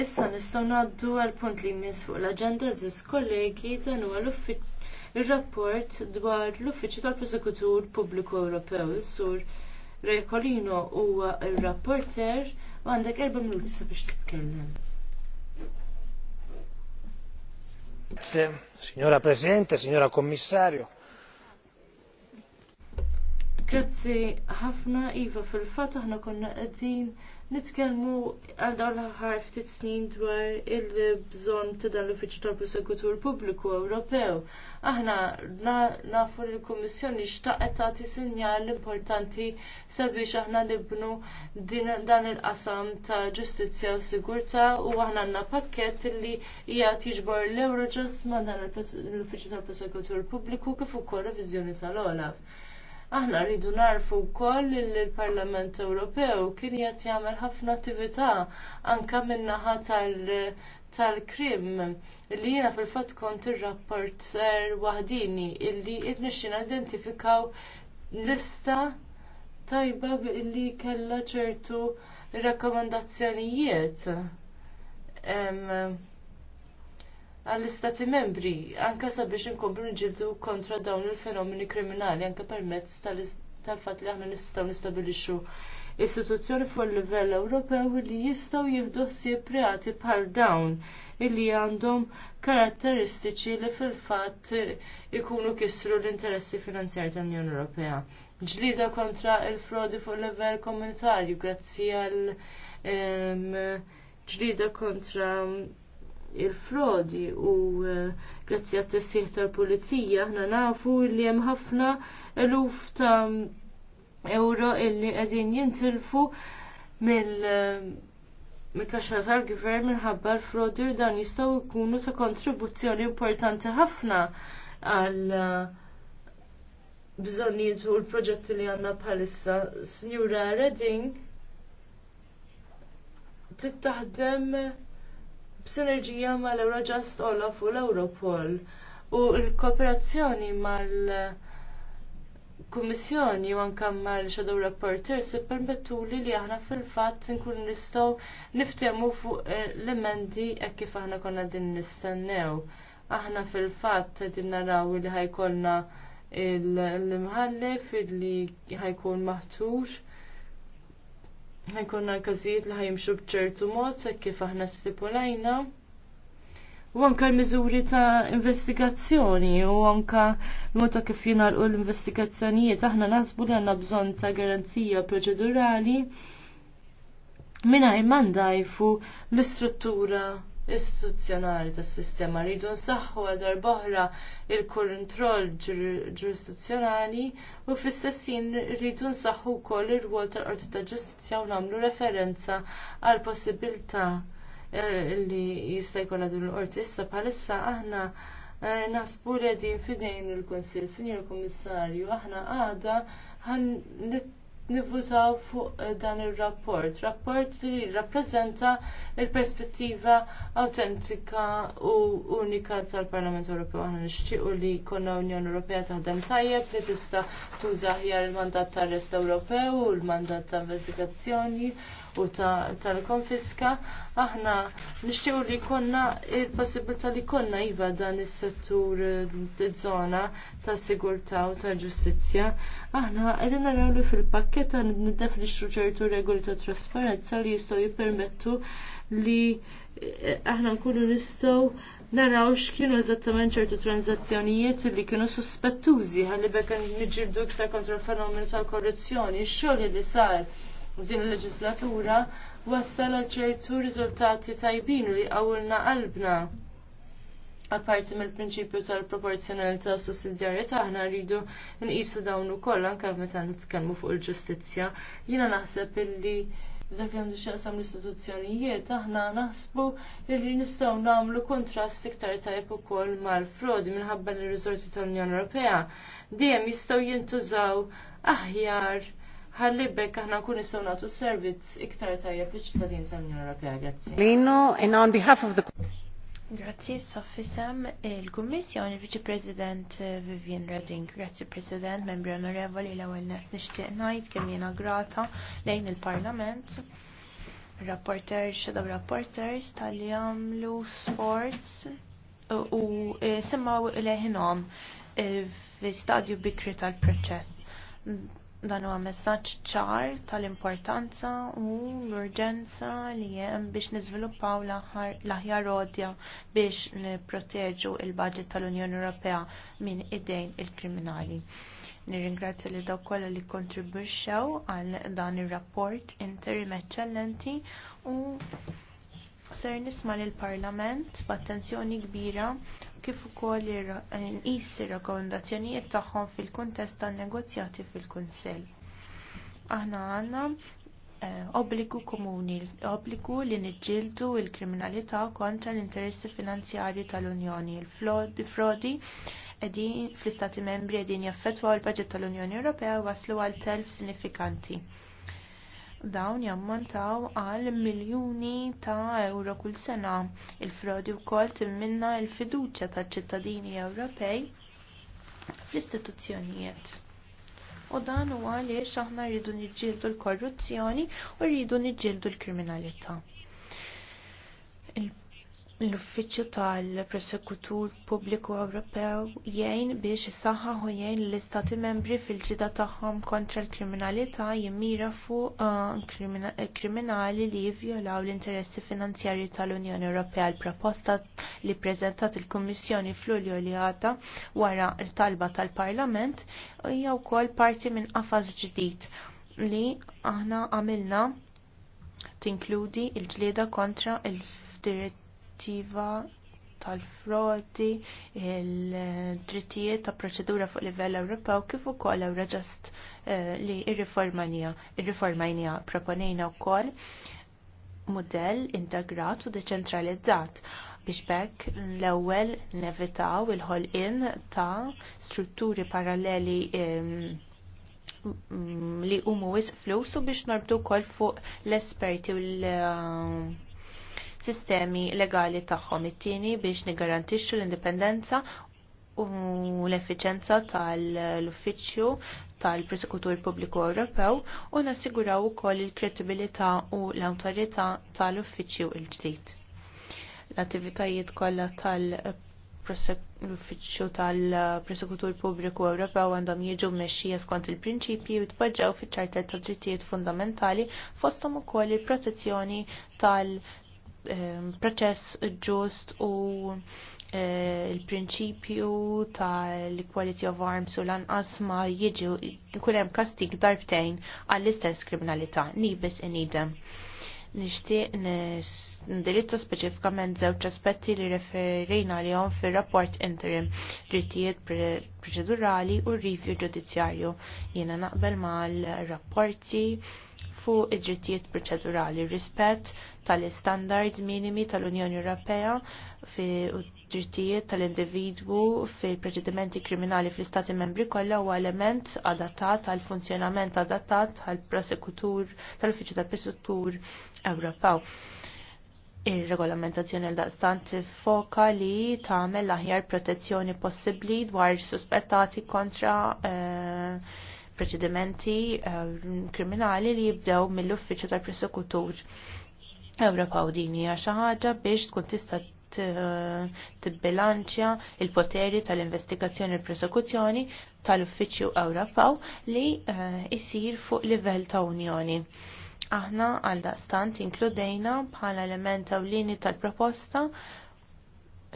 Issa nistgħu ngħaddu għal punt li jmiss fuq l-aġenda żis kollegi dan huwa l-rapport dwar l-Uffiċċju tal-Prosekutur Pubbliku Ewropew is-sur Rekolino huwa r-rapporter u għandek erba' minuti sabiex titkellem. Signora Presidente, signora Commissario. Grazzi ħafna Iva fil-fatt aħna konna qegħdin Nitkellmu għal dawn l-ħar ftit snin dwar il-bżonn ta' dan l-Uffiċċju tal-Prosekutur Pubbliku Ewropew. Aħna nafu li l-Kummissjoni xtaqet tagħti sinjal importanti sabiex aħna nibnu dan il-qasam ta' ġustizzja u sigurtà u aħna għandna pakkett li hija tiġbor l-Eurojust ma' dan l-Uffiċċju tal-Prosekutur Pubbliku kif ukoll reviżjoni tal-Olaf. Aħna rridu narfu wkoll li l-Parlament Ewropew kien qed jagħmel ħafna attività anke min-naħa tal tal-krim li jena fil-fat kont ir rapporter wahdini illi id-nixina identifikaw lista tajba li kella ċertu rakkomandazzjonijiet. Um, għall-istati membri, anke sabiex inkomplu nġibdu kontra dawn il-fenomeni kriminali, anke permezz tal-fat li aħna nistgħu nistabilixxu istituzzjoni fuq il livell Ewropew li jistgħu jieħdu ħsieb reati bħal dawn illi għandhom karatteristiċi li fil-fatt ikunu kisru l-interessi finanzjari tal-Unjoni Ewropea. Ġlida kontra il-frodi fuq il livell komunitarju grazzi għal ġlida kontra il-frodi u eh, grazzi għat tessieħ tal-pulizija ħna nafu li hemm ħafna eluf ta' euro illi qegħdin jintilfu mill eh, Mikaxar tal-gvern minħabba l-frodi u dan jistgħu jkunu ta' kontribuzzjoni importanti ħafna għal eh, bżonnijiet u l-proġetti li għanna bħalissa. Signora Redding, tittaħdem b'sinerġija mal eurojust Olaf u l-Europol u l-kooperazzjoni mal- kummissjoni u anke mal-Shadow Reporters ippermettuli li li aħna fil-fatt nkun nistgħu niftehmu fuq eh, l-emendi hekk kif aħna konna din nistennew. Aħna fil-fatt qegħdin naraw li ħajkollna l-imħallef li ħajkun maħtur ħajkonna l-każijiet li ħajimxu bċertu mod sa kif aħna stipulajna. U anka l-miżuri ta' investigazzjoni u anka l-mod ta' kif jingħalqu l-investigazzjonijiet aħna naħsbu li għandna bżonn ta' garanzija proċedurali jmanda jfu l-istruttura istituzzjonali tas-sistema. Rridu nsaħħu għal boħra il-kontroll ġurisdizzjonali u fl-istessin rridu nsaħħu wkoll ir-rwol tal-Qorti ta' Ġustizzja u nagħmlu referenza għal possibilità eh, li jista' jkollha din l-qorti issa bħalissa aħna eh, nasbu li qegħdin fidejn il kunsill Sinjor Kummissarju, aħna għada nivvutaw fuq eh, dan il-rapport. Rapport li rappresenta il-perspettiva autentika u unika tal-Parlament Ewropew. Aħna nixtiequ li konna Unjoni Ewropea taħdem tajjeb li tista' tuża ħjar il-mandat tal-Rest Ewropew u l-mandat ta' investigazzjoni u tal-konfiska, aħna nishtiqu li jkollna il-possibilità li konna iva dan is-settur żona ta' sigurtà u ta' ġustizzja. Aħna qegħdin naraw li fil-pakket li ċertu regoli ta' trasparenza li jistgħu jippermettu li eh, aħna nkunu nistgħu naraw x'kienu eżattament ċertu tranzazzjonijiet li kienu suspettużi ħalli bekk niġġieldu iktar kontra l-fenomenu tal-korruzzjoni, x-xogħol li sar u din il-leġislatura wassal ċertu riżultati tajbin li għawilna qalbna. Apparti mill-prinċipju tal-proporzjonalità u sussidjarjetà aħna rridu nqisu dawn ukoll anke meta nitkellmu fuq il-ġustizzja. Jiena naħseb illi dak li għandu xaqsam l-istituzzjonijiet, aħna naħsbu li nistgħu nagħmlu kontrast iktar tajb ukoll mal-frodi minħabba l-riżorsi tal-Unjoni Ewropea dejjem jistgħu jintużaw aħjar ħalli bekk aħna nkun nistgħu nagħtu servizz iktar tajjeb liċ-ċittadin tal-Unjoni Ewropea. Grazzi. Lino, and on behalf of the Grazzi, Sam, il-Kummissjoni Viċi President eh, Vivian Redding. Grazzi President, membri onorevoli l-ewwel nett nixtieq ngħid kemm jiena grata lejn il-Parlament. Rapporters, shadow rapporters tal-li għamlu sforz u eh, semmaw leħinom eh, fi stadju bikri tal-proċess dan huwa messaġġ ċar tal-importanza u l-urġenza li hemm biex niżviluppaw l-aħjar odja biex nipproteġu il-budget tal-Unjoni Ewropea minn idejn il-kriminali. Nirringrazzja li dawk kollha li kontribwixxew għal dan ir-rapport interim eċċellenti u ser nisma lill parlament b'attenzjoni kbira kif ukoll inqis ir-rakkomandazzjonijiet tagħhom fil-kuntest tan-negozjati fil-Kunsell. Aħna għandna eh, obbligu komuni, obbligu li niġġieldu l kriminalità kontra l-interessi finanzjarji tal-Unjoni, il-frodi qegħdin fl-Istati membri qegħdin jaffettwaw il-budget tal-Unjoni Ewropea waslu għal telf sinifikanti dawn jammontaw għal miljuni ta' euro kull sena. Il-frodi wkoll timminna l-fiduċja taċ ċittadini Ewropej fl-istituzzjonijiet. U dan huwa għaliex aħna rridu niġġieldu l-korruzzjoni u rridu niġġieldu l-kriminalità l-Uffiċċju tal-Prosekutur Pubbliku Ewropew jgħin biex isaħħaħ u jgħin l-Istati Membri fil-ġida tagħhom kontra l-kriminalità jimmira fuq uh, eh, kriminali li jivjolaw l-interessi finanzjarji tal-Unjoni Ewropea l-proposta li preżentat il-Kummissjoni f'Lulju li għadda wara l-talba tal-Parlament hija wkoll parti minn qafas ġdid li aħna għamilna tinkludi l ġlieda kontra il-fdirit direttiva tal-frodi, il-drittijiet ta' proċedura fuq livell Ewropew kif ukoll Eurojust eh, li ir-riformanija, ir-riformajnija proponejna wkoll mudell integrat u deċentralizzat biex bekk l-ewwel nevitaw il-ħolqien ta' strutturi paralleli ehm, mm, li huma wisq flus u biex narbdu wkoll fuq l-esperti u l- sistemi legali tagħhom. It-tieni biex nigarantixxu l-indipendenza u l-effiċenza tal-uffiċċju tal-Prosekutur Pubbliku Ewropew u nassiguraw ukoll il-kredibilità u l-awtorità tal-uffiċċju l ġdid L-attivitajiet kollha tal-Uffiċċju tal-Prosekutur Pubbliku Ewropew għandhom jiġu mmexxija skont il-prinċipji u jitpoġġew fiċ-ċartet tad drittijiet fundamentali fosthom ukoll il-protezzjoni tal- Ehm, proċess ġust u eh, il-prinċipju ta' l-equality of arms u lanqas ma jiġi kulem kastik darbtejn għall-istess kriminalità, nibis idem. Nishtiq ndirizza speċifikament żewġ aspetti li referina li għom fil-rapport interim, rittijiet proċedurali u review ġudizzjarju. Jena naqbel mal-rapporti fuq id-drittijiet proċedurali, rispett tal-standard minimi tal-Unjoni Ewropea fi drittijiet tal-individwu fi proċedimenti kriminali fl-Istati membri kollha u element adattat għal funzjonament adattat għal prosekutur tal-Uffiċċju tal-Prosekutur Ewropew. Ir-regolamentazzjoni l daqstant foka li tagħmel l-aħjar protezzjoni possibbli dwar suspettati kontra eh, proċedimenti ehm, kriminali li jibdew mill-uffiċċju tal-prosekutur Ewropa din hija xi ħaġa biex tkun tista' tibbilanċja il-poteri tal-investigazzjoni u prosekuzzjoni tal-Uffiċċju Ewropew li jsir eh, fuq livell ta' Unjoni aħna għal daqstant inkludejna bħala element ewlieni tal-proposta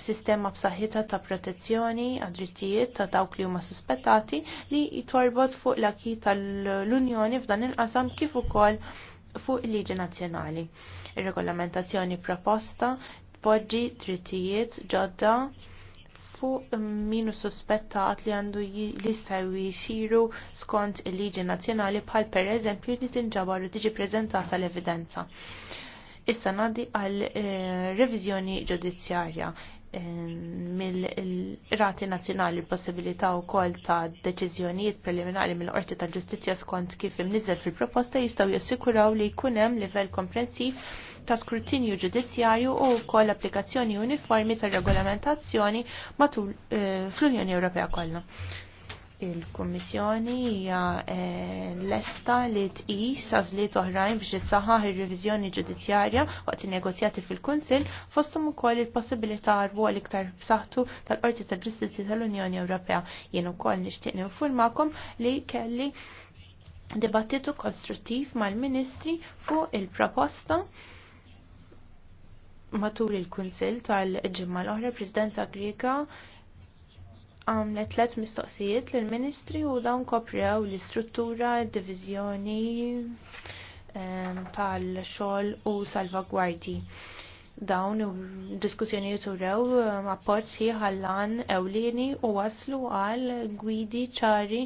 sistema b'saħħitha ta' protezzjoni għad-drittijiet ta' dawk li huma suspettati li jitwarbot fuq l-akki tal-Unjoni f'dan il-qasam kif ukoll fuq il-liġi nazzjonali. Ir-regolamentazzjoni proposta tpoġġi drittijiet ġodda fuq minu suspettat li għandu li jistgħu jisiru skont il-liġi nazzjonali bħal pereżempju li tinġabar u tiġi preżentata l-evidenza. Issa nadi għal eh, revizjoni ġudizzjarja mill-rati nazjonali l-possibilità u kol ta' deċizjonijiet preliminari mill-Qorti tal-Ġustizja skont kif imnizzel fil-proposta jistaw jassikuraw li jkunem livell komprensiv ta' skrutinju ġudizzjarju u kol applikazzjoni uniformi ta' regolamentazzjoni matul eh, fl-Unjoni Ewropea kollha. Il-Kommissjoni hija eh, lesta li tqis għażliet oħrajn biex issaħħaħ ir-reviżjoni ġudizzjarja waqt in-negozjati fil-Kunsill fosthom ukoll il-possibilità rwol iktar b'saħħtu tal-Qorti tal-Ġustizzja tal-Unjoni Ewropea. Jien ukoll nixtieq ninfurmakom li kelli dibattitu konstruttiv mal-Ministri fuq il-proposta matul il-Kunsill tal-ġimma l-oħra Presidenza Griega għamlet tlet mistoqsijiet lill ministri u dawn koprew l-istruttura, divizjoni diviżjoni ehm, tal-xogħol u salvagwardji. Dawn diskussjonijiet urew rapport ehm, sħiħ għall għallan ewlieni u waslu għal gwidi ċari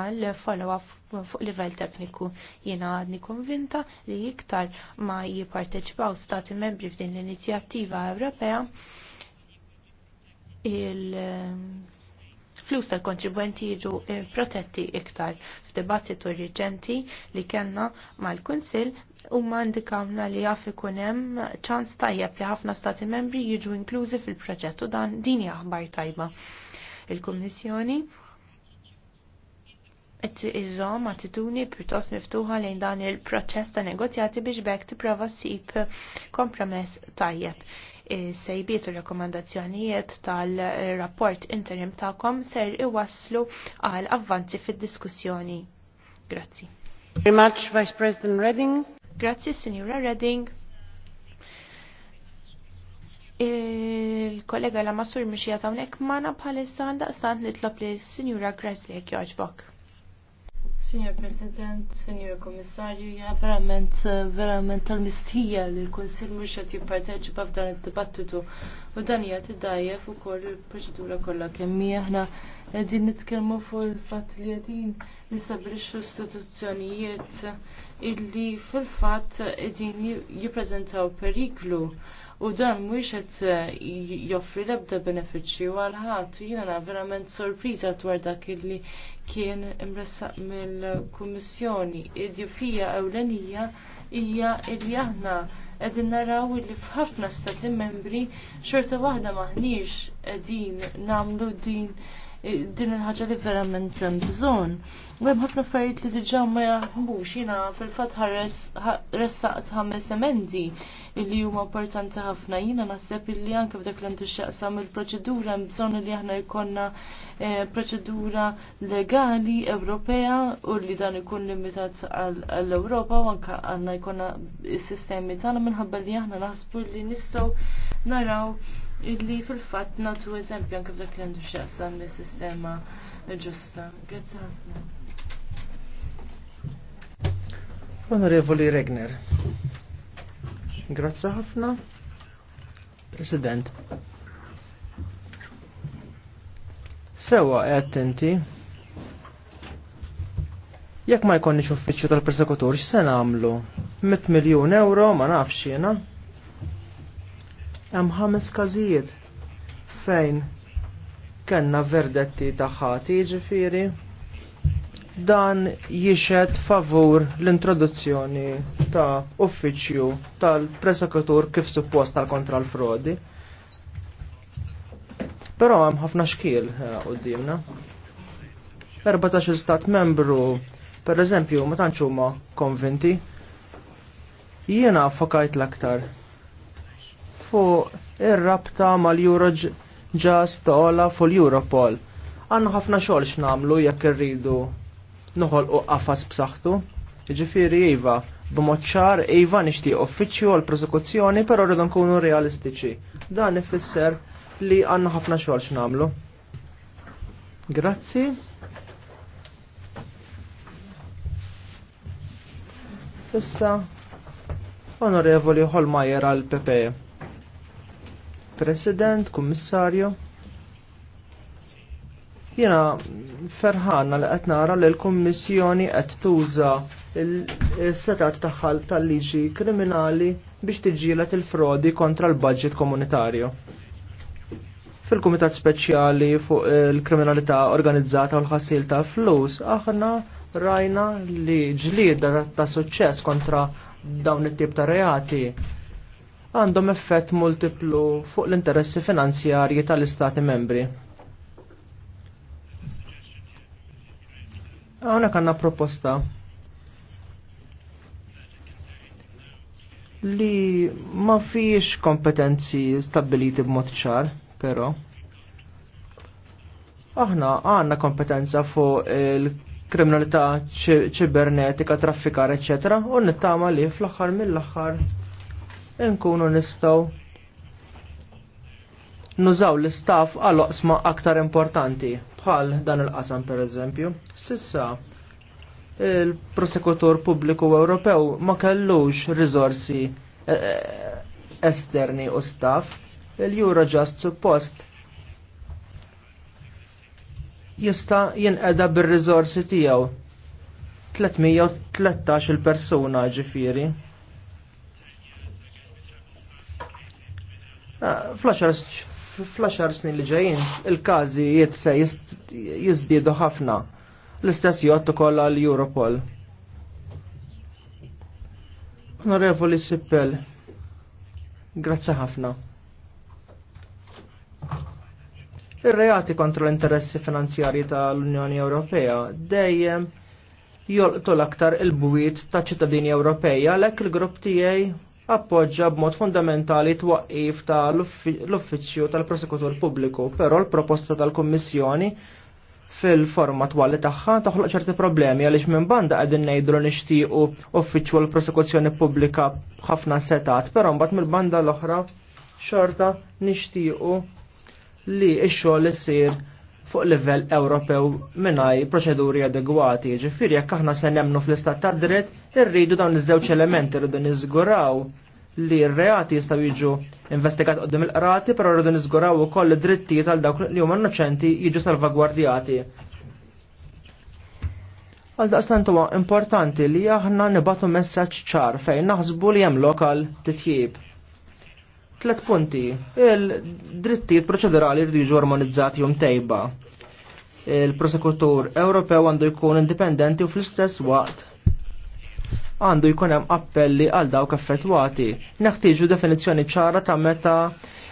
għal follow-up fuq livell tekniku. Jiena għadni konvinta li iktar ma jipparteċipaw stati membri f'din l-inizjattiva Ewropea il- flus tal-kontribwenti jiġu eh, protetti iktar f'debattitu reġenti li kellna mal-Kunsill u mandikawna li jaf ikun hemm ċans tajjeb li ħafna stati membri jiġu inklużi fil-proġett u dan dini aħbar tajba. Il-Kummissjoni qed iżżomm attituni pjuttost miftuħa lejn dan il-proċess ta' negozjati biex bekk tipprova ssib kompromess tajjeb sejbiet u rekomandazzjonijiet tal-rapport interim ta'kom ser iwaslu għal avvanzi fid-diskussjoni. Grazzi. Very much, Vice President Redding. Grazzi, Signora Redding. Il-kollega la masur mxija ta' unek mana bħalissa għandaqstant nitlob li Signora Gresley jogħġbok. Signor President, Signor Kommissarju, ja verament, verament tal-mistija li l-Konsil mux għat jipparteċipa f'dan il-dibattitu u dan jgħat id-dajjef u koll il-proċedura kollha kemmi aħna għedin nitkellmu fuq il-fatt li għedin nisabrix l-istituzzjonijiet illi fil-fatt għedin jiprezentaw periklu u dan mhuwiex qed eh, joffri l-ebda benefiċċju għal ħadd jiena verament sorpriża dwar dak illi kien imressaq mill-Kummissjoni. Id-djufija ewlenija hija li aħna qegħdin naraw li f'ħafna stati membri xorta waħda maħniex qegħdin nagħmlu din din il-ħaġa li verament hemm bżonn. U hemm ħafna affarijiet li diġà ma jaħbux jiena fil-fatt ressaqt ħames emendi illi huma importanti ħafna jiena naħseb illi anke f'dak l-entuxjaqsam il-proċedura hemm bżonn li aħna jkollna eh, proċedura legali Ewropea u li dan ikun limitat għall-Ewropa u anke għandna jkollna s-sistemi tagħna minħabba li aħna naħsbu li nistgħu naraw illi fil-fatt natu eżempju anke f'dak li għandu x'jaqsam mis-sistema ġusta. Grazie ħafna. Onorevoli Regner, grazzi ħafna. President, sewa e attenti, jekk ma jkonni uffiċċju tal-persekutur x-sena nagħmlu? 100 miljun euro ma nafx jiena. Hemm ħames każijiet fejn kellna verdetti ta' ħati jiġifieri. dan jixed favur l-introduzzjoni ta' uffiċju tal-presekutur kif suppost tal-kontra l-frodi. Però hemm ħafna xkiel eh, qudiemna. 14 stat membru, per eżempju, ma tantx huma konvinti. Jiena affokajt l-aktar fuq ir-rabta mal-Eurojust Olaf u l-Europol. Għannu ħafna xogħol x'namlu jekk irridu noħolqu qafas b'saħħtu. Ġifieri iva, ċar iva nixtieq uffiċċju għal prosekuzzjoni però rridu nkunu realistiċi. Dan ifisser li għandna ħafna xogħol x'namlu. Grazzi. Issa, onorevoli Holmajer al Pepe. President, Kummissarju. Jena ferħanna li qed nara li l-Kummissjoni qed tuża il-setat tagħhal tal-liġi kriminali biex tiġġielet il-frodi kontra l-budget komunitarju. Fil-Kumitat Speċjali fuq il-Kriminalità Organizzata u l-ħassil ta' flus, aħna rajna li ġlieda ta' suċċess kontra dawn it-tip ta' reati għandhom effett multiplu fuq l-interessi finanzjarji tal-Istati membri. Għonek kanna proposta li ma fiex kompetenzi stabiliti b'mod ċar, pero aħna għanna kompetenza fuq il-kriminalità ċibernetika, traffikar, eccetera, u nittama li fl-axar mill-axar nkunu nistgħu nużaw l-istaff għal oqsma aktar importanti, bħal dan il-qasam per eżempju. Sissa, il-prosekutur pubbliku Ewropew ma kellux rizorsi eh, eh, esterni u staff, il-Eurojust suppost jista jinqeda bir-rizorsi tiegħu 313 il-persuna ġifiri. Ah, fl snin li ġejjin il-każijiet se jizdidu ħafna. L-istess jgħod kolla l Europol. Onorevoli Sippel, grazzi ħafna. Ir-reati kontra l-interessi finanzjarji tal-Unjoni Ewropea dejjem jolqtu l-aktar il-bwiet ta' ċittadini Ewropej għalhekk il-grupp tiegħi appoġġa b'mod fundamentali twaqqif ta' l-uffiċċju tal-prosekutur pubbliku, però l-proposta tal-Kummissjoni fil-forma twali tagħha toħloq ċerti problemi għaliex minn banda qegħdin ngħidlu nixtiequ uffiċċju l-prosekuzzjoni pubblika ħafna setat, però mbagħad mill-banda l-oħra xorta nixtiequ li x-xogħol isir fuq livell Ewropew minnaj proċeduri adegwati. Ġifieri jekk aħna se nemnu fl-istat ta' dritt, irridu dawn iż-żewġ elementi rridu niżguraw li r-reati jistgħu jiġu investigat qoddim il-qrati, però rridu niżguraw ukoll id-drittijiet għal dawk li huma innoċenti jiġu salvagwardjati. Għal daqstant huwa importanti li aħna nibatu messaġġ ċar fejn naħsbu li hemm lokal titjib Tlet punti. Il-drittijiet proċedurali rridu jiġu armonizzati jum tejba. Il-prosekutur Ewropew għandu jkun indipendenti u fl-istess waqt għandu jkun hemm appelli għal dawk effettwati. Neħtieġu definizzjoni ċara ta' meta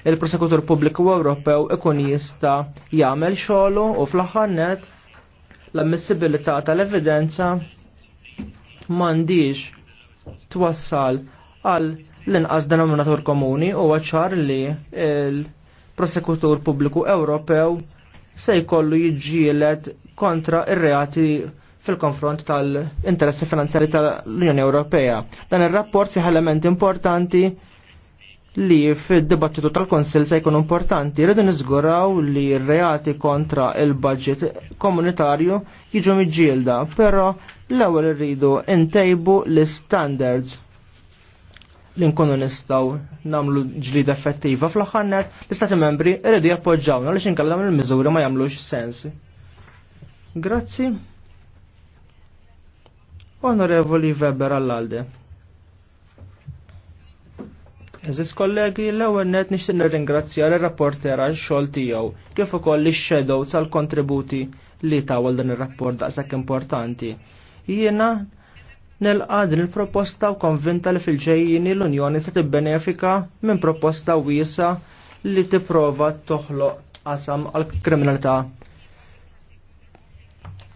il-prosekutur pubbliku Ewropew ikun jista' jagħmel xogħlu u fl-aħħar net l-ammissibilità tal-evidenza m'għandix twassal għal l-inqas denominatur komuni u ċar li il-prosekutur pubbliku Ewropew se jkollu jiġġielet kontra ir-reati fil-konfront tal-interessi finanzjari tal-Unjoni Ewropea. Dan ir-rapport fih element importanti li fil-dibattitu tal-Konsil se jkun importanti. Rridu niżguraw li r-reati kontra il-budget komunitarju jiġu miġġielda, però l-ewwel rridu intejbu l-standards li nkunu nistaw namlu ġlida effettiva fl-ħannet l-istati membri irridu jappoġġawna li xinkallam il-mizuri ma jamlux sensi. Grazzi. Onorevoli Weber għall-alde. Eżis kollegi, l-ewwel net nixtieq nirringrazzja ir-rapporter għal xogħol tiegħu kif ukoll ix-shadow għall kontributi li tawal dan ir-rapport daqshekk importanti. Jiena Nelqa din il-proposta u konvinta li fil-ġejjini l-Unjoni se tibbenefika minn proposta wiesa li tipprova toħloq qasam għal kriminalità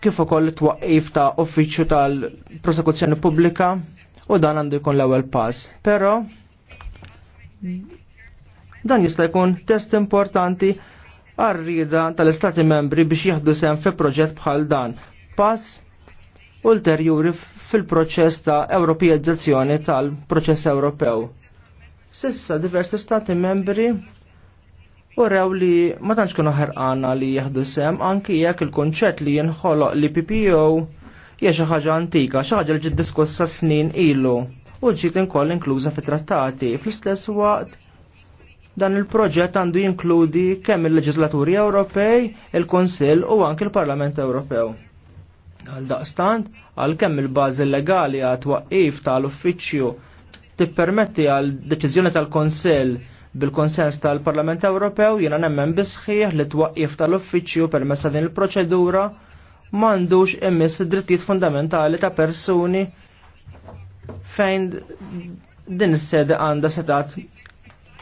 kif ukoll it-twaqqif ta' uffiċċju tal-prosekuzzjoni pubblika u dan għandu jkun l-ewwel pass. Però dan jista' jkun test importanti għar għar-rida tal-Istati membri biex jieħdu sem fi proġett bħal dan. Pass ulterjuri fil-proċess ta' Ewropeizzazzjoni tal-proċess Ewropew. Sissa diversi stati membri u rew li ma tantx kienu ħerqana li jieħdu sem anki jekk il-konċett li jinħoloq li PPO hija xi ħaġa antika, xi ħaġa li ġiet diskussa snin ilu u ġiet inkoll inkluża fit-trattati. Fl-istess waqt dan il-proġett għandu jinkludi kemm il-Leġislaturi Ewropej, il-Konsill u anki il-Parlament Ewropew. Għal daqstant, għal kemm il-bażi legali għat waqif tal-uffiċċju tippermetti għal deċiżjoni tal-Konsell bil-konsens tal-Parlament Ewropew jiena nemmen bisħiħ li twaqif tal-uffiċċju permezz din il-proċedura m'għandux immiss drittijiet fundamentali ta' persuni fejn din s sede għandha setat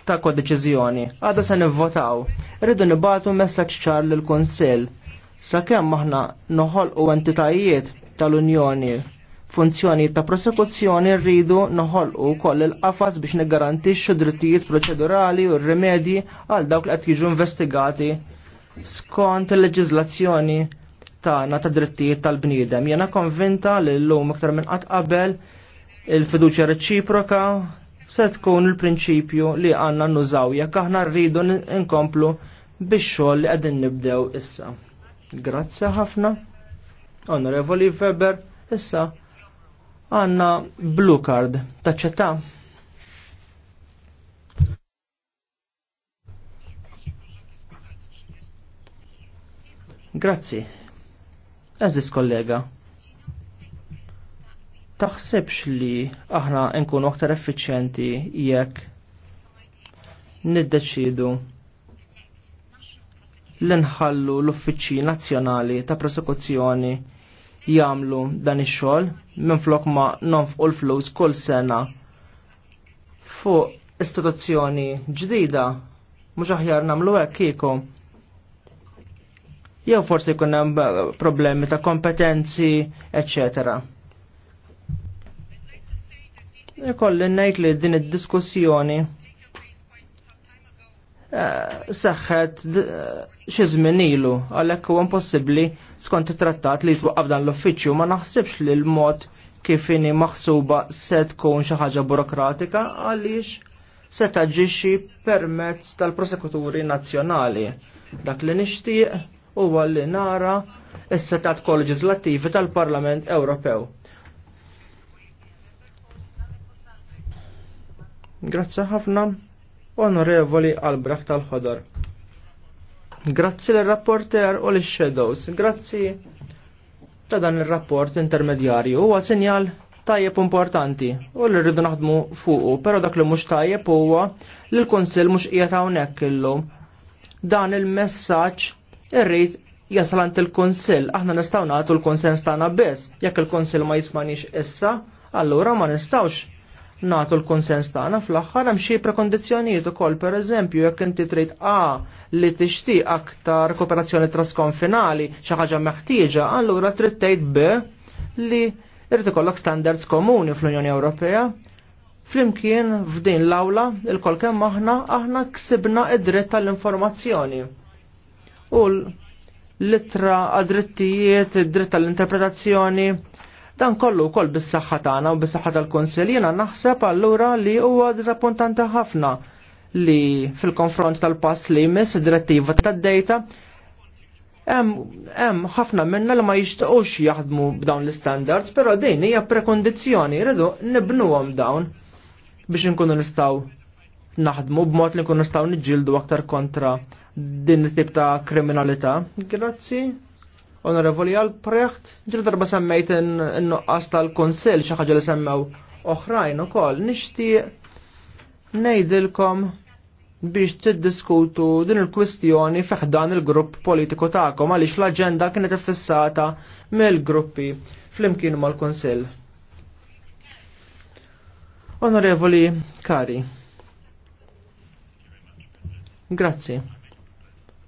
ta' kodeċiżjoni. Għada se nivvotaw. Rridu nibatu messaġġ ċar lill kunsill Sakemm aħna noħolqu entitajiet tal-Unjoni funzjoni ta' prosekuzzjoni rridu noħolqu wkoll il-qafas biex niggarantixxu drittijiet proċedurali u r-rimedji għal dawk li qed jiġu investigati skont il-leġiżlazzjoni tagħna ta' drittijiet tal-bniedem. Jena konvinta li llum iktar minn qatt qabel il-fiduċja reċiproka se tkun il-prinċipju li għandna nużaw jekk aħna rridu nkomplu bix-xogħol li qegħdin nibdew issa. Grazzi ħafna. Onorevoli Weber, issa għanna blue card taċ-ċetta. Grazzi. Eżis kollega. Taħsebx li aħna nkunu aktar effiċjenti jekk niddeċidu l-inħallu l-Uffiċċji Nazzjonali ta' Prosekuzzjoni jagħmlu dan ix-xogħol minflok ma nonfqu l-flus kull sena fuq istituzzjoni ġdida mhux aħjar nagħmlu hekk kieku. Jew forsi jkun hemm problemi ta' kompetenzi, eċċetera. Ikolli ngħid li din id-diskussjoni eh, seħħet eh, xi żmien ilu għalhekk huwa impossibbli skont it-trattat li jitwaqqaf dan l-uffiċċju ma naħsibx li l-mod kif maħsuba se tkun xi ħaġa burokratika għaliex se taġixxi permezz tal-prosekuturi nazzjonali. Dak li nixtieq huwa li nara is-setat leġislattivi tal-Parlament Ewropew. Grazzi ħafna, onorevoli Albrecht tal-ħodor. Grazzi l-rapporter u l-shadows. Grazzi ta' dan il-rapport intermedjarju huwa sinjal tajjeb importanti u li rridu naħdmu fuqu, pero dak li mhux tajjeb huwa li l-Kunsill mhux qiegħed hawnhekk illum. Dan il-messaġġ irrid jasal ant il-Kunsill, aħna nistgħu nagħtu l-konsens tagħna biss, jekk il-Kunsill ma jismanix issa, allura ma nistgħux nagħtu l-konsens tagħna fl-aħħar hemm xi prekondizzjonijiet ukoll pereżempju jekk inti trid A li tixtieq aktar kooperazzjoni trasconfinali xi ħaġa meħtieġa, allura trid tgħid B li irid ikollok standards komuni fl-Unjoni Ewropea. Flimkien f'din l-awla il-kol kemm aħna aħna ksibna id-dritt tal-informazzjoni. U l-litra drittijiet id-dritt tal-interpretazzjoni, Dan kollu wkoll bis-saħħa tagħna u bis-saħħa tal-Kunsill naħseb allura li huwa diżappuntanti ħafna li fil-konfront tal-pass li jmiss id-direttiva tad-dejta hemm ħafna minna li ma jixtiequx jaħdmu b'dawn l istandards però din hija prekondizzjoni rridu nibnuhom dawn biex inkunu nistgħu naħdmu b'mod li nkunu nistgħu niġġieldu aktar kontra din it-tip ta' kriminalità. Grazzi. Onorevoli preħt, ġil darba semmejt n-nuqqas tal-Konsil xi ħaġa li semmew oħrajn ukoll nixtieq ngħidilkom biex tiddiskutu din il-kwistjoni fiħdan il-grupp politiku tagħkom għaliex l-aġenda kienet iffissata mill-gruppi flimkien mal-Konsil. Onorevoli kari, grazie.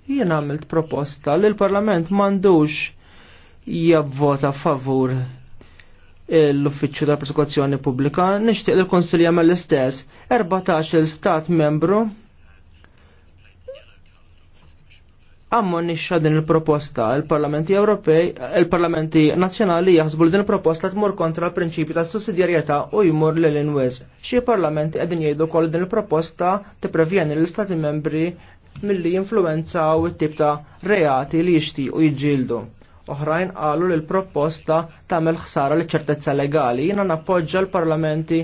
Jien għamilt proposta li l-Parlament mandux jabvota favur l-Uffiċċju tal Persekuzzjoni Pubblika, nixtieq li l-Konsil jagħmel l-istess. 14 stat membru ammonixxa din il-proposta il-Parlamenti Ewropej, il-Parlamenti Nazzjonali jaħsbu din il-proposta tmur kontra l-prinċipju ta' sussidjarjetà u jmur l inwies. Xi parlamenti qegħdin jgħidu wkoll din il-proposta tipprevjeni l-Istati membri milli jinfluenzaw it-tip ta' reati li jixtiequ jġildu. Oħrajn qalu li l-proposta tagħmel ħsara li ċertezza legali. Jiena nappoġġa l-parlamenti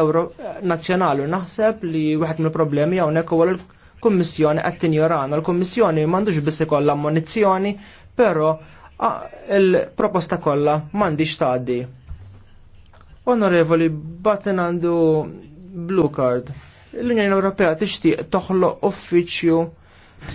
Euro nazzjonali naħseb li wieħed mill-problemi hawnhekk huwa l-Kummissjoni qed tinjorana. L-Kummissjoni m'għandux biss ikollha ammunizzjoni, però il-proposta kollha m'għandix tgħaddi. Onorevoli, batten għandu blue card l-Unjoni Ewropea tixtieq toħloq uffiċċju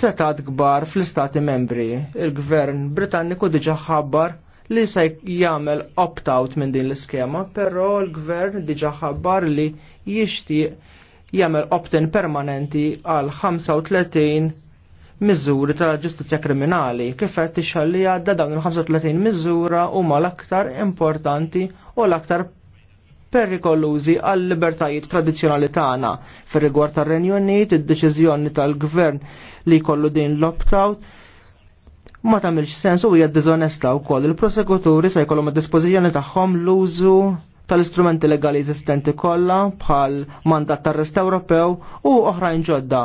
setat kbar fl-istati membri. Il-gvern Britanniku diġa ħabbar li se jagħmel opt-out minn din l-iskema, però l-gvern diġa ħabbar li jixtieq jagħmel opt-in permanenti għal 35 miżuri tal-ġustizja kriminali kif qed tixħalli għadda dawn il-35 miżura huma l-aktar importanti u l-aktar perikolużi għal libertajiet tradizzjonali tagħna. Fir-rigward tar-Renju Unit, id-deċiżjoni tal-Gvern li jkollu din l-opt-out ma tagħmilx sensu hija diżonesta wkoll. Il-prosekuturi se jkollhom id-dispożizzjoni tagħhom l-użu tal-istrumenti legali eżistenti kollha bħal mandat tar-Rest Ewropew u oħrajn ġodda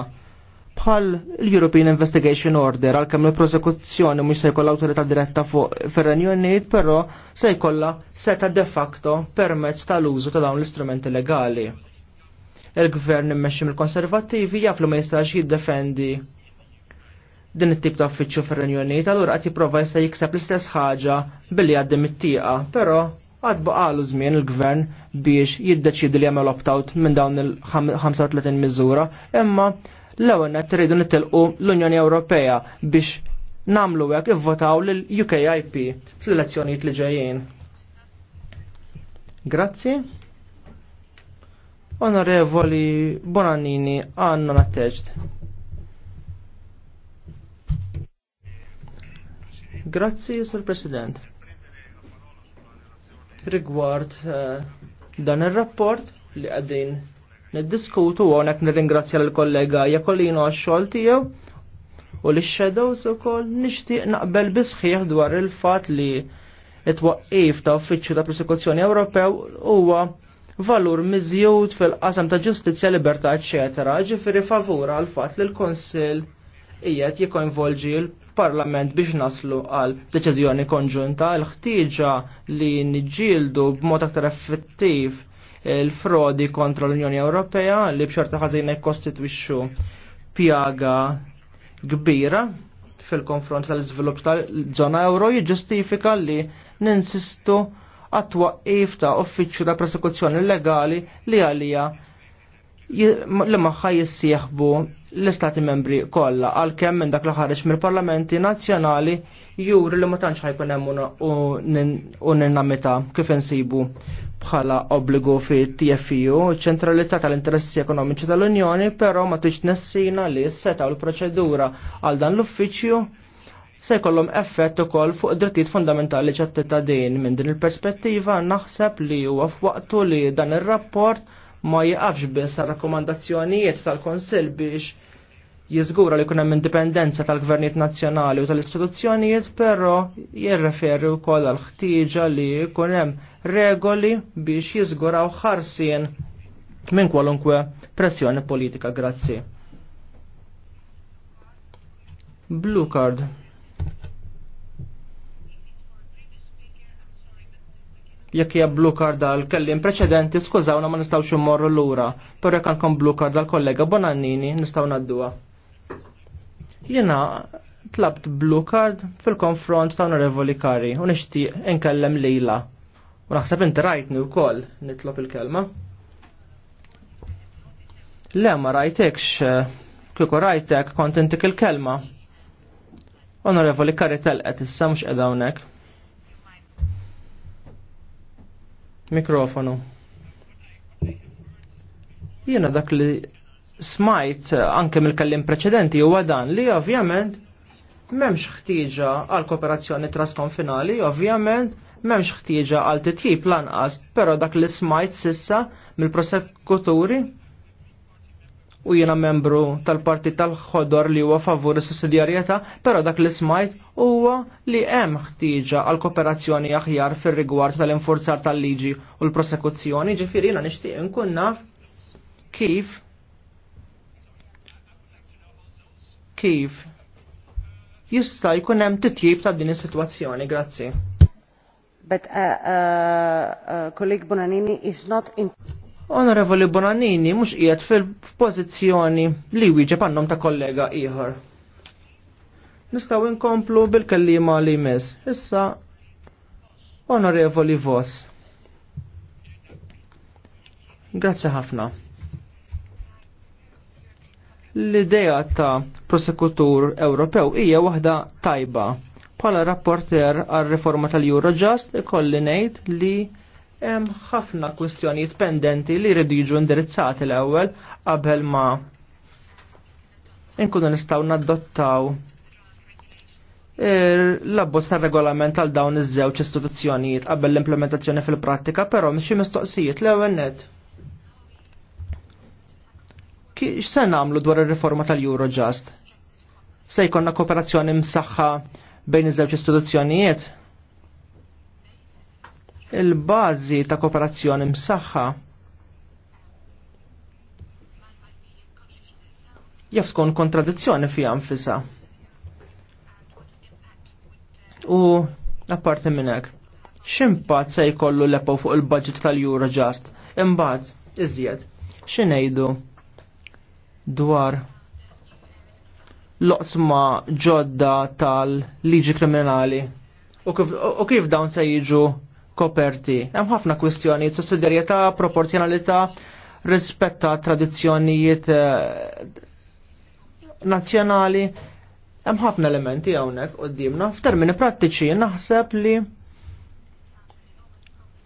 bħal l-European Investigation Order għalkemm il-prosekuzzjoni mhux se jkollha awtorità diretta fuq fir-Renju Unit, però se jkollha seta de facto permezz tal-użu ta' dawn l-istrumenti legali. Il-gvern immexxi mill-konservattivi jaf li ma jistax jiddefendi din it-tip ta' uffiċċju fir-Renju Unit, allura qed jipprova jista' jikseb l-istess ħaġa billi għaddim it-tieqa, però għad baqalu żmien il-gvern biex jiddeċidi li jagħmel opt-out minn dawn il-35 miżura, imma L-ewwel qed iridu nittilqu l-Unjoni Ewropea biex namlu hekk ivvotaw lill UKIP fl-elezzjonijiet li ġejjin. Grazzi. Onorevoli Bonannini għanna natteġt. Grazzi, Sur President. Rigward uh, dan ir rapport li għaddin niddiskutu u għonek nirringrazzja l-kollega jakolino għax-xogħol tiegħu u li shadows ukoll nixtieq naqbel bisħieħ dwar il-fatt li it-twaqqif ta' uffiċċju ta' prosekuzzjoni Ewropew huwa valur miżjud fil-qasam ta' ġustizzja, libertà, eċetera, ġifieri favura għal fatt li l-Konsill qiegħed jikkonvolġi l-Parlament biex naslu għal deċiżjoni konġunta l ħtieġa li niġġieldu b'mod aktar effettiv il-frodi kontra l-Unjoni Ewropea li b'xorta ħażina jkostitwixxu pjaga kbira fil-konfront tal-iżvilupp tal-żona euro jiġġustifika li ninsistu għat-twaqqif ta' uffiċċju ta' prosekuzzjoni legali li għalija li maħħa jissieħbu l-istati membri kollha għalkemm minn dak li ħareġ mill-parlamenti nazzjonali juri li ma tantx ħajkun hemm unanimità kif insibu bħala obbligu fi TFU, e ċentralità tal-interessi ekonomiċi tal-Unjoni, però ma tix nessina li s-seta u l-proċedura għal dan l-uffiċju se jkollhom effett ukoll fuq drittijiet fundamentali ċat-tittadin minn din il-perspettiva naħseb li huwa f'waqtu li dan ir-rapport ma jiqafx biss rakkomandazzjonijiet tal-Konsil biex jiżgura li kunem indipendenza tal-gvernijiet nazzjonali u tal-istituzzjonijiet, però jirreferi wkoll għal ħtieġa li kunem regoli biex jiżguraw ħarsien minn kwalunkwe pressjoni politika. Grazzi. Blue card. jekk hija blu card kellim preċedenti, skużawna ma nistgħux immorru lura, però jekk għandkom blu card kollega Bonannini nistgħu ngħadduha. Jiena tlabt blu card fil-konfront ta' onorevoli Kari u nixtieq inkellem lila. U naħseb inti rajtni wkoll nitlob il-kelma. Le ma rajtekx, kieku rajtek kont intik il-kelma. Onorevoli Kari telqet issa mhux qiegħda hawnhekk. Mikrofonu. Jiena dak li smajt anke mill-kellim preċedenti huwa dan li ovvjament m'hemmx ħtieġa għal kooperazzjoni trasconfinali, ovvjament m'hemmx ħtieġa għal titjib lanqas, però dak li smajt sissa mill-prosekuturi u jiena membru tal-partit tal-ħodor li huwa favur is-sussidjarjetà, però dak li smajt huwa li hemm ħtieġa għal kooperazzjoni aħjar fir-rigward tal-infurzar tal-liġi u l-prosekuzzjoni, ġifieri jiena nixtieq inkun naf kif kif jista' jkun hemm titjib ta' din is-sitwazzjoni, grazzi. But uh, uh, uh, colleague Bonanini is not in Onorevoli Bonanini mhux qiegħed fil-pożizzjoni li wieġeb għandhom ta' kollega ieħor. Nistgħu inkomplu bil-kellima li jmiss. Issa Onorevoli Vos. Grazzi ħafna. L-idea ta' prosekutur Ewropew hija waħda tajba. Pala rapporter għal reforma tal-Eurojust ikolli ngħid li Hemm ħafna kwistjonijiet pendenti li jridu jiġu indirizzati l-ewwel qabel ma inkunu nistgħu naddottaw l-abbozz tar regolament għal dawn iż-żewġ istituzzjonijiet qabel l-implementazzjoni fil-prattika, però mxi mistoqsijiet l-ewwel net. Kiex se nagħmlu dwar ir-riforma tal-Eurojust? Se jkollna kooperazzjoni msaħħa bejn iż-żewġ istituzzjonijiet? il-bażi ta' kooperazzjoni msaħħa. Jaf tkun kontradizzjoni fi nfisa. U apparti minn hekk, x'impatt se jkollu lepo fuq il-budget tal-Eurojust imbagħad iżjed x'ingħidu dwar loqsma ġodda tal-liġi kriminali u kif dawn se jiġu koperti. Hemm ħafna kwistjoni ta' sussidjarjetà, proporzjonalità, ta' tradizzjonijiet eh, nazzjonali. Hemm ħafna elementi hawnhekk qudiemna. F'termini prattiċi naħseb li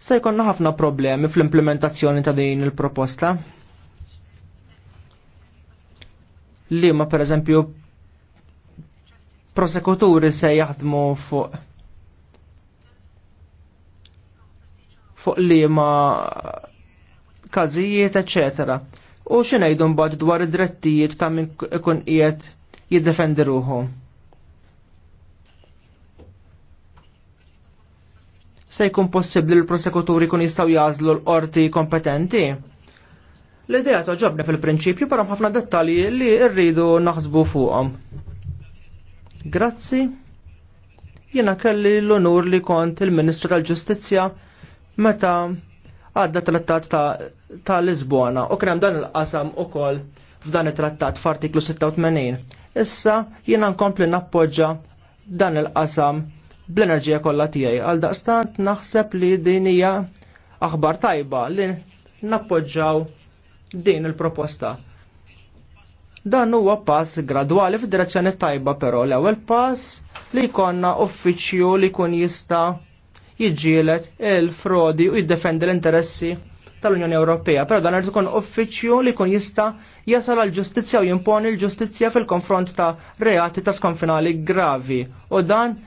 se jkollna ħafna problemi fl-implementazzjoni ta' din il-proposta. Li ma pereżempju prosekuturi se jaħdmu fuq fuq liema każijiet, eċetera. U xinajdu mbagħad dwar id-drettijiet ta' min ikun qiegħed jiddefendiruħu. Se jkun possibbli l-prosekuturi kun jistgħu jażlu l-qorti kompetenti? L-idea toġobna fil-prinċipju param ħafna dettalji li rridu naħsbu fuqhom. Grazzi. Jiena kelli l-onur li kont il-Ministru tal-Ġustizzja meta għadda trattat ta', ta Lisbona u krem dan il-qasam ukoll f'dan it-trattat f'artiklu 86. Issa jiena nkompli nappoġġa dan il-qasam bl-enerġija kollha tiegħi għal daqstant naħseb li din hija aħbar tajba li nappoġġaw din il-proposta. Dan huwa pass gradwali f'direzzjoni tajba però l-ewwel pass li jkollna uffiċċju li jkun jista' jiġġielet il-frodi u jiddefendi l-interessi tal-Unjoni Ewropea, però dan ikun uffiċju li jkun jista' jasal għal ġustizzja u jimponi l-ġustizzja fil-konfront ta' reati ta' skonfinali gravi. U dan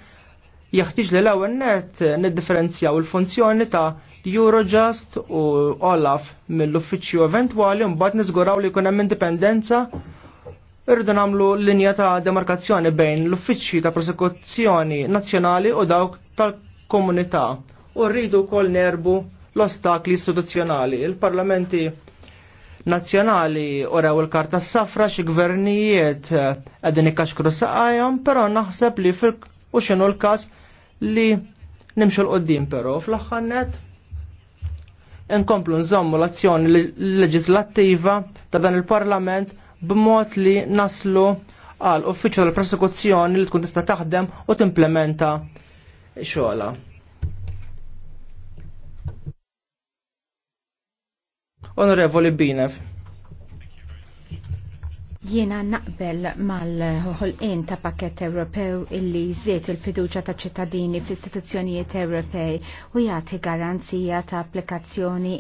jaħtiġ li l-ewwel net niddifferenzjaw il-funzjoni ta' Eurojust u Olaf mill-uffiċju eventwali mbagħad niżguraw li jkun hemm indipendenza irridu nagħmlu linja ta' demarkazzjoni bejn l-uffiċċji ta' prosekuzzjoni nazzjonali u dawk tal komunità u rridu wkoll nerbu l-ostakli istituzzjonali. Il-parlamenti nazzjonali oraw il-karta safra xi gvernijiet eh, qegħdin krusa saqajhom, però naħseb li fil u xinu l-każ li nimxu l-qoddim pero fl-aħħar inkomplu nżommu l-azzjoni leġislattiva ta' dan il-Parlament b'mod li naslu għal uffiċċju tal-prosekuzzjoni li tkun tista' taħdem u timplementa xoħla. Onorevoli Binev. Jiena naqbel mal-ħolqien ta' pakket Ewropew illi jżiet il-fiduċa ta' ċittadini fl-istituzzjonijiet Ewropej u jagħti garanzija ta' applikazzjoni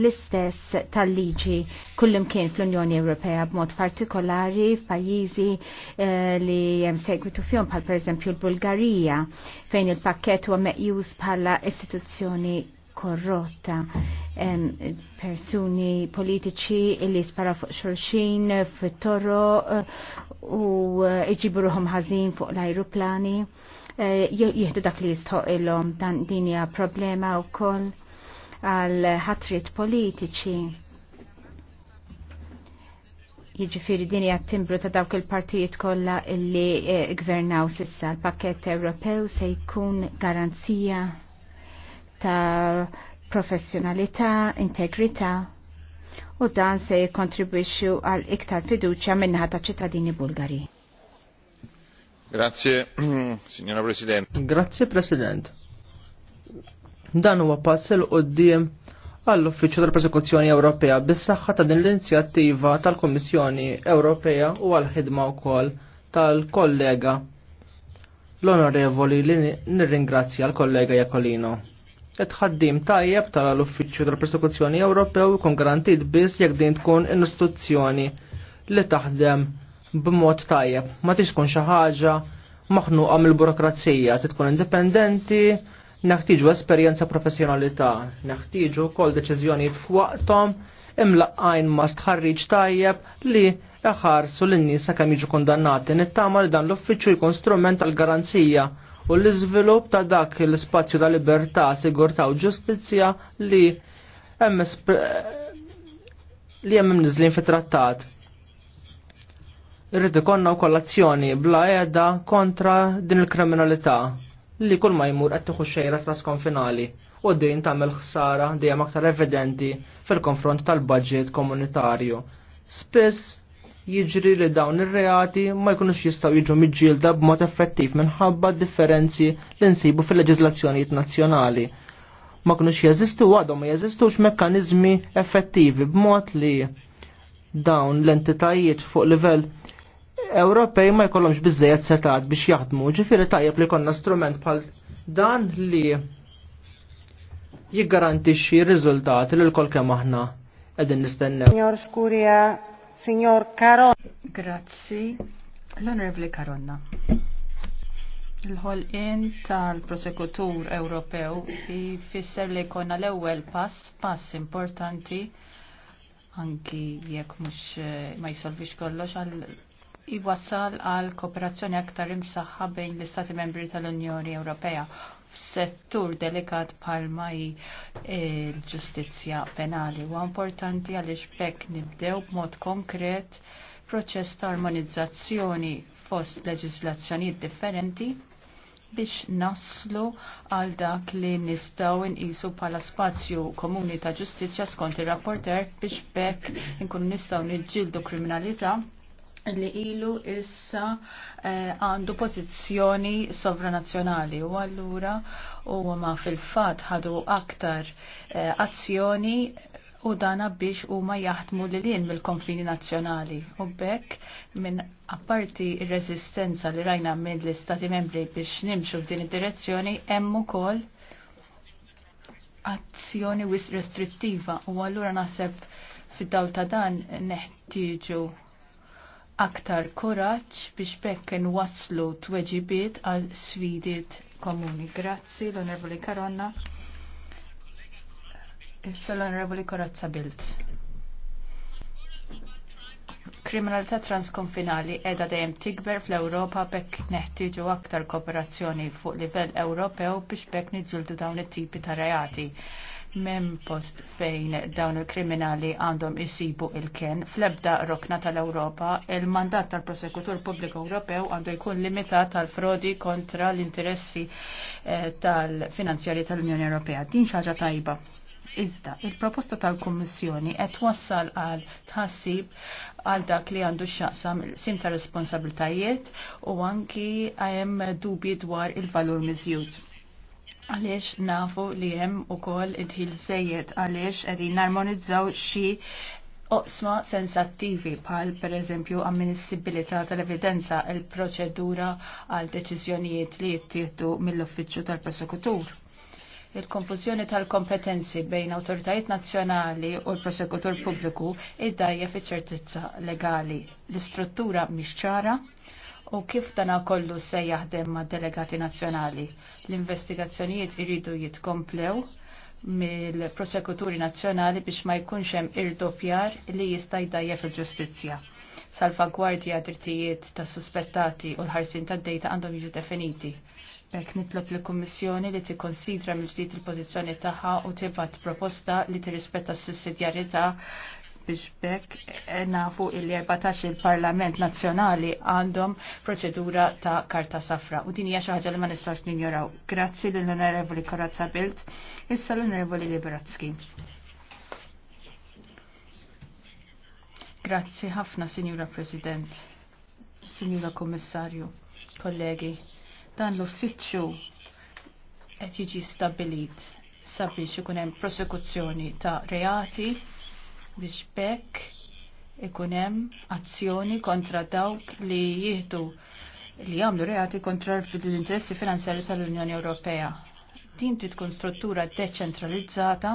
l-istess tal-liġi kullimkien fl-Unjoni Ewropea b'mod partikolari f'pajjiżi eh, li hemm segwitu fihom bħal pereżempju l-Bulgarija fejn il-pakkett huwa meqjus bħala istituzzjoni korrotta persuni politiċi li sparaw fuq xorxin fit-toro eh, u eh, iġibu ruħom ħażin fuq l-ajruplani jieħdu dak li jistħoq ilhom dan dinja problema wkoll għal ħatrit politiċi jiġifiri dini għattimbru ta' dawk il-partijiet kolla illi eh, gvernaw sissa l-pakket Ewropew se jkun garanzija ta' professjonalità, integrità u dan se jikontribwixxu għal iktar fiduċja minnaħa ta' ċittadini Bulgari. Grazie, signora President. Grazie, President. Dan huwa pass il qoddim għall-Uffiċċju tal-Persekuzzjoni Ewropea bis-saħħa ta' din l-inizjattiva tal-Kummissjoni Ewropea u għall-ħidma wkoll tal-kollega l-onorevoli li nirringrazzja l-kollega Jakolino. Itħaddim tajjeb tal-Uffiċċju tal-Persekuzzjoni Ewropew ikun garantit biss jekk din tkun istituzzjoni li taħdem b'mod tajjeb, ma tix tkun xi ħaġa maħnuqa mill-burokrazija, tkun indipendenti, naħtiġu esperjenza professjonalità, naħtiġu kol deċiżjonijiet fuqtom imlaqqajn ma stħarriġ tajjeb li jaħarsu l-nies sakemm jiġu kondannati nittama li dan l-uffiċċju jkun strument tal-garanzija u l-iżvilupp ta' dak l-ispazju ta' libertà, sigurtà u ġustizzja li hemm li hemm nizlin fit-trattat. Irrid ikollna wkoll azzjoni bla qiegħda kontra din il-kriminalità li kull ma jmur qed tieħu xejra trasconfinali u din tagħmel ħsara dejjem aktar evidenti fil-konfront tal-budget komunitarju. Spiss jiġri li dawn ir-reati ma jkunux jistgħu jiġu miġġielda b'mod effettiv minħabba differenzi li nsibu fil-leġiżlazzjonijiet nazzjonali. Ma kunux jeżistu għadhom ma jeżistux mekkaniżmi effettivi b'mod li dawn l-entitajiet fuq livell Ewropej ma jkollhomx biżejjed setat biex jaħdmu, ġifieri tajjeb li konna strument bħal dan li jiggarantixxi r-riżultati li l-kol kemm aħna qegħdin nistennew. Signor Skuria, Signor Karon. Grazzi. L-Onorevoli Karonna. Il-ħolqien tal-prosekutur Ewropew jfisser li jkollna l-ewwel pass, pass importanti anki jekk mhux eh, ma jsolvix kollox għal jwassal għal kooperazzjoni aktar imsaħħa bejn l-Istati Membri tal-Unjoni Ewropea f'settur delikat mai e, l ġustizzja penali. U importanti għaliex bekk nibdew b'mod konkret proċess ta' armonizzazzjoni fost leġislazzjonijiet differenti biex naslu għal dak li nistaw nqisu pala spazju komuni ta' ġustizzja skont ir rapporter biex bekk nkunu nistaw niġġieldu kriminalità li ilu issa eh, għandu pozizjoni sovranazzjonali u allura u ma fil-fat ħadu aktar eh, azzjoni u dana biex u ma jaħdmu li lin mill-konfini nazjonali. U bekk minn apparti resistenza li rajna minn l-Istati membri biex nimxu f'din id-direzzjoni, hemm ukoll azzjoni wis restrittiva u allura naħseb fid-dawl ta' dan neħtieġu aktar koraġġ biex bekken waslu tweġibiet għal sfidiet komuni. Grazzi l-Onorevoli Karonna. Issa l-Onorevoli Korazza Bilt. Kriminalità transkonfinali edha dejjem tikber fl-Ewropa bekk neħtieġu aktar kooperazzjoni fuq livell Ewropew biex bekk niġġuldu dawn it-tipi ta' reati mem post fejn dawn il-kriminali għandhom isibu il-ken fl-ebda rokna tal-Europa il-mandat tal-prosekutur pubbliku Ewropew għandu jkun limitat tal-frodi kontra l-interessi eh, tal-finanzjari tal-Unjoni Ewropea. Din xaġa tajba. Iżda, il-proposta tal-Kommissjoni qed wassal għal tħassib għal dak li għandu xaqsam sim ta' responsabiltajiet u anki għajem dubji dwar il-valur miżjud Għaliex nafu li hemm ukoll id-ħil sejjed għaliex qegħdin narmonizzaw xi oqsma sensattivi pal per eżempju ammissibilità tal-evidenza il-proċedura għal deċiżjonijiet li jittieħdu mill-uffiċċju tal-prosekutur il-konfuzjoni tal-kompetenzi bejn autoritajiet nazzjonali u l-prosekutur pubbliku id-dajja fi ċertezza legali. L-istruttura mhix ċara u kif dana kollu se jaħdem ma' delegati nazzjonali. L-investigazzjonijiet iridu jitkomplew mill-prosekuturi nazzjonali biex ma jkunx hemm irdoppjar li jista' jdajjef il-ġustizzja. Salvagwardja drittijiet ta' suspettati u l-ħarsin ta' dejta għandhom jiġu definiti. Bek nitlob li kummissjoni li tikkonsidra mill-ġdid il-pożizzjoni tagħha u tibgħat proposta li tirrispetta s sissidjarita biex bekk nafu il-14 il-Parlament Nazzjonali għandhom proċedura ta' karta safra. U din hija xi ħaġa li ma nistax ninjoraw. Grazzi lill-Onorevoli Korazza Bilt, issa l-Onorevoli Liberatski. Grazzi ħafna, Sinjura President, Sinjura Kommissarju, kollegi. Dan l-uffiċċju qed jiġi stabilit sabiex ikun hemm prosekuzzjoni ta' reati biex bekk ikun hemm azzjoni kontra dawk li jieħdu li għamlu reati kontra l-interessi finanzjari tal-Unjoni Ewropea. Din trid tkun struttura deċentralizzata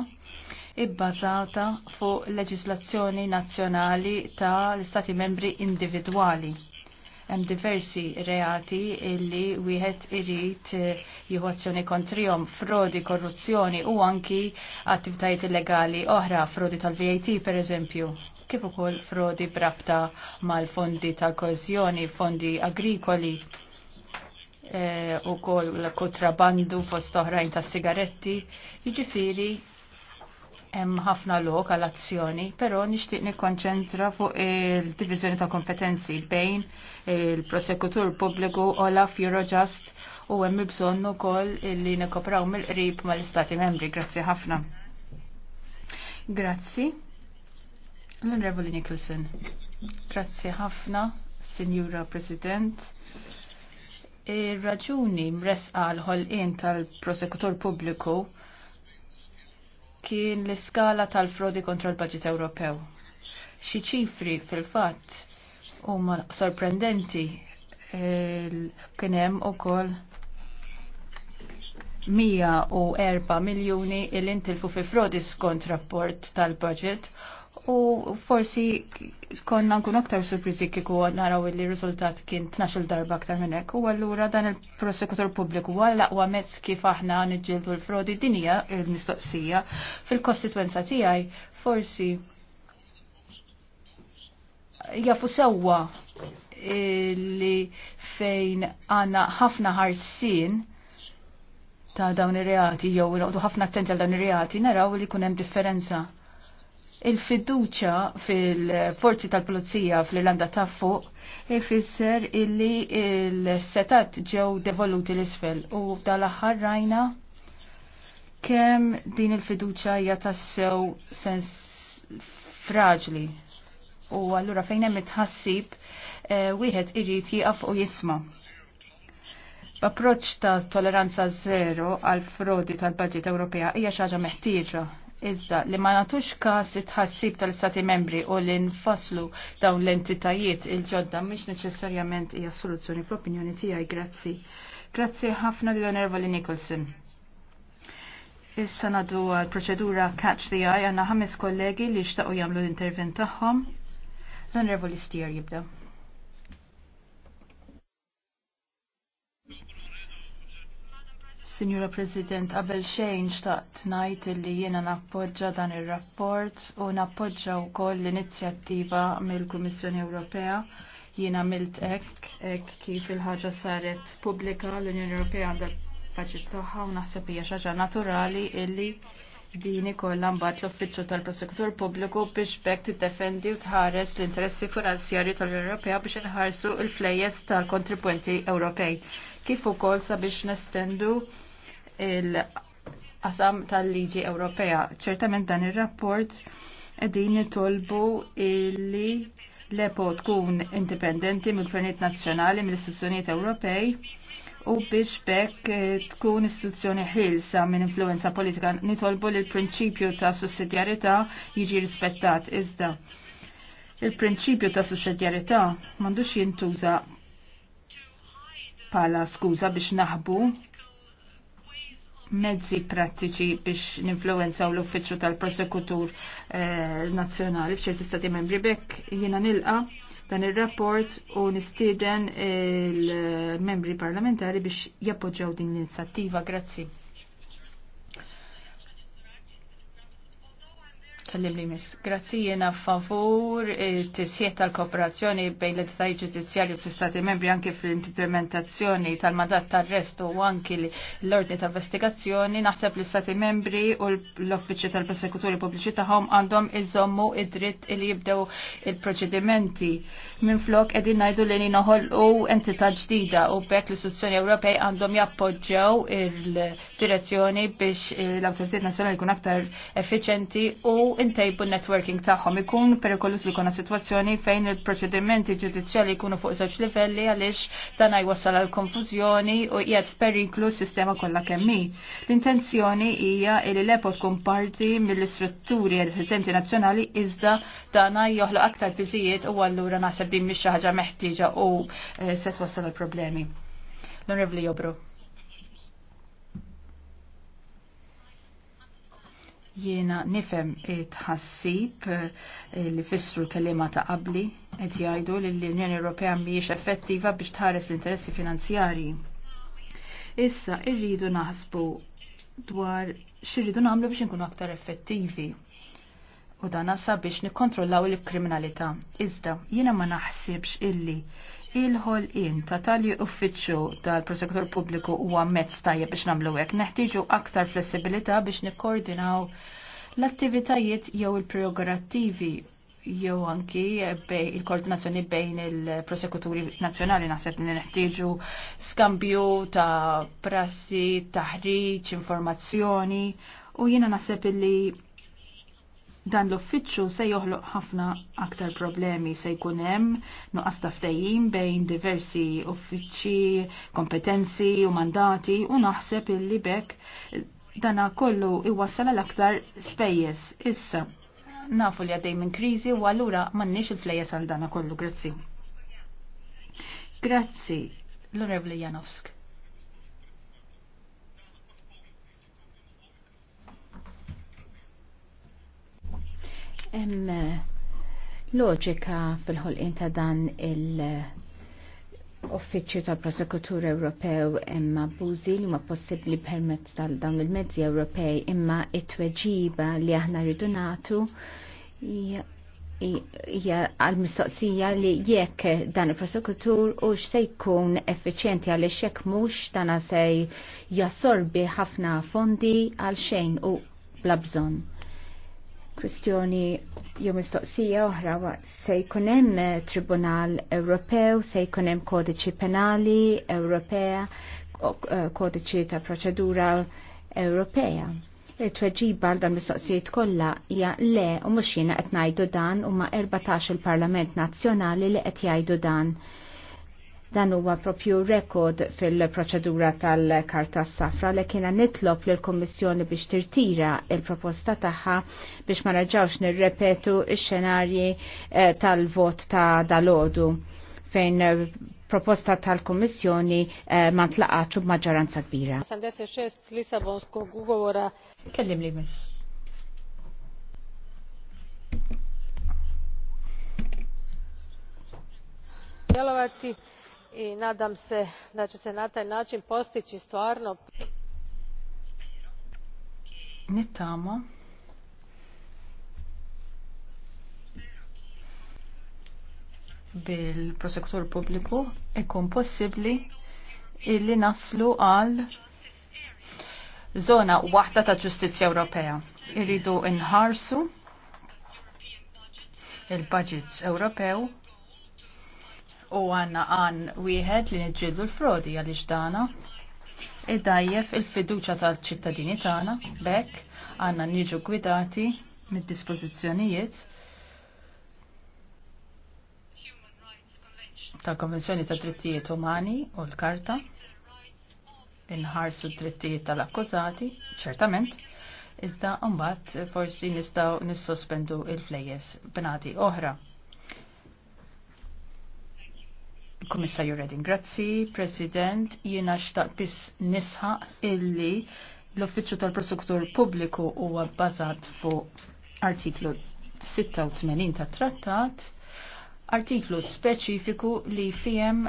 ibbażata fuq leġislazzjoni nazzjonali ta' l-Istati membri individwali Hemm diversi reati illi wieħed irid eh, jieħu azzjoni kontrihom frodi, korruzzjoni u anki attivitajiet illegali oħra, frodi tal-VAT pereżempju kif ukoll frodi brabta mal-fondi tal-kozjoni, fondi agrikoli. Eh, u kol kontrabandu fost oħrajn ta' sigaretti, jiġifieri hemm ħafna lok għal azzjoni, però nixtieq nikkonċentra fuq il-diviżjoni ta' kompetenzi bejn il-prosekutur pubbliku Olaf Eurojust u hemm bżonn ukoll li nikkopraw mill-qrib mal-Istati Membri. Grazzi ħafna. Grazzi. L-Onorevoli Nicholson. Grazzi ħafna, Signora President. Ir-raġuni mresqa l-ħolqien tal-prosekutur pubbliku kien l-iskala tal-frodi kontra l-budget Ewropew. Xi ċifri fil-fatt huma sorprendenti kien hemm ukoll 104 miljuni il intilfu fi frodi skont rapport tal-budget u forsi konna nkun aktar surprizi kiku naraw li riżultat kien 12 darba aktar minnek. U allura dan il prosekutor pubbliku huwa u għamet mezz kif aħna niġġieldu l-frodi din hija l-mistoqsija fil-kostitwenza tiegħi forsi jafu sewwa li fejn għandna ħafna ħarsien ta' dawn ir-reati jew noqdu ħafna attenti għal dawn ir-reati naraw li kunem hemm differenza il-fiduċa fil-forzi tal-Polizija fl-Irlanda ta' fuq ifisser illi il-setat ġew devoluti l-isfel u dal-aħħar rajna kemm din il-fiduċa hija tassew sens fraġli u allura fejn hemm itħassib e, wieħed irid jieqaf u jisma'. L-approċċ ta' toleranza zero għal frodi tal-Baġit Ewropea hija xi ħaġa meħtieġa Iżda li ma natux kas itħassib tal-Stati membri u li nfaslu dawn l-entitajiet il-ġodda mhix neċessarjament hija soluzzjoni fl-opinjoni tiegħi. Grazzi. Grazzi ħafna Onerva li Nicholson. Issa nadu għal proċedura Catch the Eye għanna ħames kollegi li xtaqu jagħmlu l-intervent tagħhom. l li Stier jibda. Signora President, qabel xejn xtaqt ngħid li jiena nappoġġa dan ir-rapport u nappoġġa wkoll l-inizjattiva mill-Kummissjoni Ewropea. Jiena milt hekk hekk kif il-ħaġa saret pubblika l-Unjoni Ewropea għandha l-faċil tagħha u naħseb hija xi ħaġa naturali illi din kolla mbagħad l-Uffiċċju tal-Prosekutur Pubbliku biex bekk tiddefendi u tħares l-interessi finanzjari tal-Ewropea biex inħarsu l-flejjes tal-kontribwenti Ewropej. Kif ukoll sabiex nestendu il qasam tal-liġi Ewropea. Ċertament dan ir-rapport qegħdin tolbu illi l-EPO tkun indipendenti mill-Gvernijiet Nazzjonali, mill-Istituzzjonijiet Ewropej u biex bekk eh, tkun istituzzjoni ħilsa minn influenza politika nitolbu li l-prinċipju ta' sussidjarità jiġi rispettat iżda. Il-prinċipju ta' sussidjarità m'għandux jintuża pala skuża biex naħbu mezzi prattiċi biex ninfluenzaw l-uffiċċju tal-prosekutur eh, nazzjonali f'ċerti stati membri bekk jiena nilqa' dan il-rapport u nistieden il-membri parlamentari biex jappoġġaw din l-inizjattiva. Grazzi. tal-libli mis. Grazzi jena favur tisjiet tal-kooperazzjoni bejn l-editajiet ġudizjarju fl-Stati membri anki fl-implementazzjoni tal-mandat tal-restu u anki l-ordni tal-investigazzjoni. Naħseb l-Stati membri u l-Offiċi tal-Persekuturi Pubbliċi tagħhom għandhom iżommu id-dritt li jibdew il-proċedimenti. Minn flok qegħdin ngħidu li u entità ġdida u bekk l-Istituzzjoni Ewropej għandhom jappoġġew il-direzzjoni biex l autoritet Nazzjonali jkun aktar effiċenti u intejbu networking tagħhom ikun perikolus li kuna situazzjoni fejn il-proċedimenti ġudizzjali jkunu fuq żewġ livelli għaliex dan jwassal għal konfużjoni u qiegħed periklu s-sistema kollha kemm L-intenzjoni hija li l-epo tkun parti mill-istrutturi residenti nazzjonali iżda dan joħloq aktar fiżijiet u allura naħseb din mhix xi ħaġa meħtieġa u eh, se twassal għal problemi. L-Onorevoli Jobru. Jiena nifem it-ħassib eh, li fissru l-kelima ta' qabli qed jgħidu li l-Unjoni Ewropea mhijiex effettiva biex tħares l-interessi finanzjarji. Issa irridu naħsbu dwar xirridu nagħmlu biex nkunu aktar effettivi. U dan nasa biex nikkontrollaw il-kriminalità. Iżda jiena ma naħsibx illi il-ħolqien ta' tali uffiċċju tal-prosekutur pubbliku huwa mezz tajjeb biex nagħmlu hekk. Neħtieġu aktar flessibilità biex nikkoordinaw l-attivitajiet jew il-prerogattivi jew anki bej il-koordinazzjoni bejn il-prosekuturi nazzjonali naħseb li neħtieġu skambju ta' prassi, taħriġ, informazzjoni u jiena naħseb li dan l-uffiċċju se joħloq ħafna aktar problemi se jkun hemm nuqqas taftejjin bejn diversi uffiċċji, kompetenzi u mandati u naħseb illi bekk dana kollu iwassal l aktar spejjeż. Issa, nafu li għaddej minn kriżi u allura m'għandniex il-flejjes għal dana kollu, grazzi. Grazzi, l-Onorevoli Janowsk. Hemm eh, loġika fil-ħolqien ta' dan il- uffiċċju tal-Prosekutur Ewropew hemm abbużi li huma possibbli permezz tal dawn il-mezzi Ewropej imma it-tweġiba li aħna rridu nagħtu hija għal-mistoqsija li jekk dan il-prosekutur u se jkun effiċjenti għal hekk mhux dana se jassorbi ħafna fondi għal xejn u bla bżonn kwistjoni jew mistoqsija oħra se jkun hemm eh, Tribunal Ewropew, se jkun hemm kodiċi penali Ewropea, eh, kodiċi ta' proċedura Ewropea. Il-tweġiba għal dan mistoqsijiet kollha hija le u mhux jiena qed ngħidu dan huma 14 il-Parlament Nazzjonali li qed jgħidu dan. Dan huwa propju rekord fil-proċedura tal-Karta Safra li kiena nitlob l kommissjoni biex tirtira il-proposta tagħha biex ma raġawx nirrepetu x-xenarji eh, tal-vot ta' dalodu fejn eh, proposta tal-Kommissjoni eh, ma tlaqatx b'maġġoranza kbira. Kellim li miss i nadam se da e se na taj nain postii stvarno nittama bil prosektur pubbliku ikun possibbli illi naslu għal zona waħda ta' ġustizzja Ewropea. Iridu nħarsu il-budgets Ewropew u għanna għan wieħed li nġillu l-frodi għaliex dana id-dajjef il-fiduċa tal-ċittadini tagħna bekk għanna niġu gwidati mid-dispożizzjonijiet tal-Konvenzjoni ta' Drittijiet Umani u l-Karta inħarsu drittijiet tal-akkużati, ċertament, iżda mbagħad forsi nistgħu nissospendu il-flejjes b'nadi oħra. Komissarju Redding, grazzi, President, jiena xtaq bis nisħa illi l-Uffiċċju tal-Prosektur Pubbliku huwa bbażat fuq artiklu 86 tat trattat, artiklu speċifiku li fihem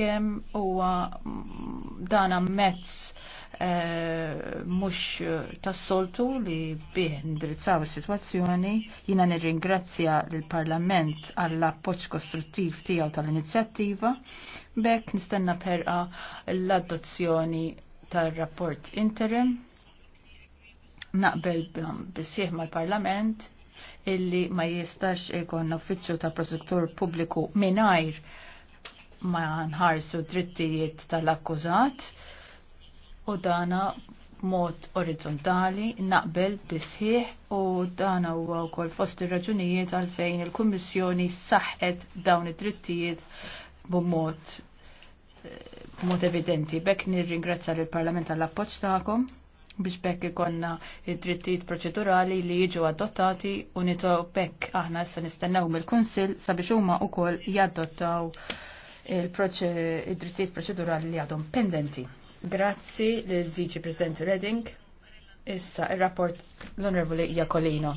kemm huwa dana mezz Eh, mux eh, tassoltu li bih indirizzaw il-situazzjoni. Jina nirringrazzja l-Parlament għall appoċ kostruttiv tijaw tal-inizjattiva. Bek nistenna perqa l-adozzjoni tal-rapport interim. Naqbel bisieħ mal-Parlament illi ma jistax ikon uffiċċju ta' prosektur pubbliku minajr ma nħarsu drittijiet tal-akkużat u dana mod orizzontali naqbel bisħiħ u dana huwa wkoll fost ir-raġunijiet għalfejn il-Kummissjoni saħħet dawn id-drittijiet b'mod eh, b'mod evidenti. nir nirringrazzja lill-Parlament għall-appoġġ tagħkom biex bekk ikonna id-drittijiet proċedurali li jiġu adottati u nito bekk aħna issa nistennew mill-Kunsill sabiex huma wkoll jaddottaw il-drittijiet proċedurali li għadhom pendenti. Grazzi l Vice President Redding. Issa, il-rapport l-Onorevoli Jacolino.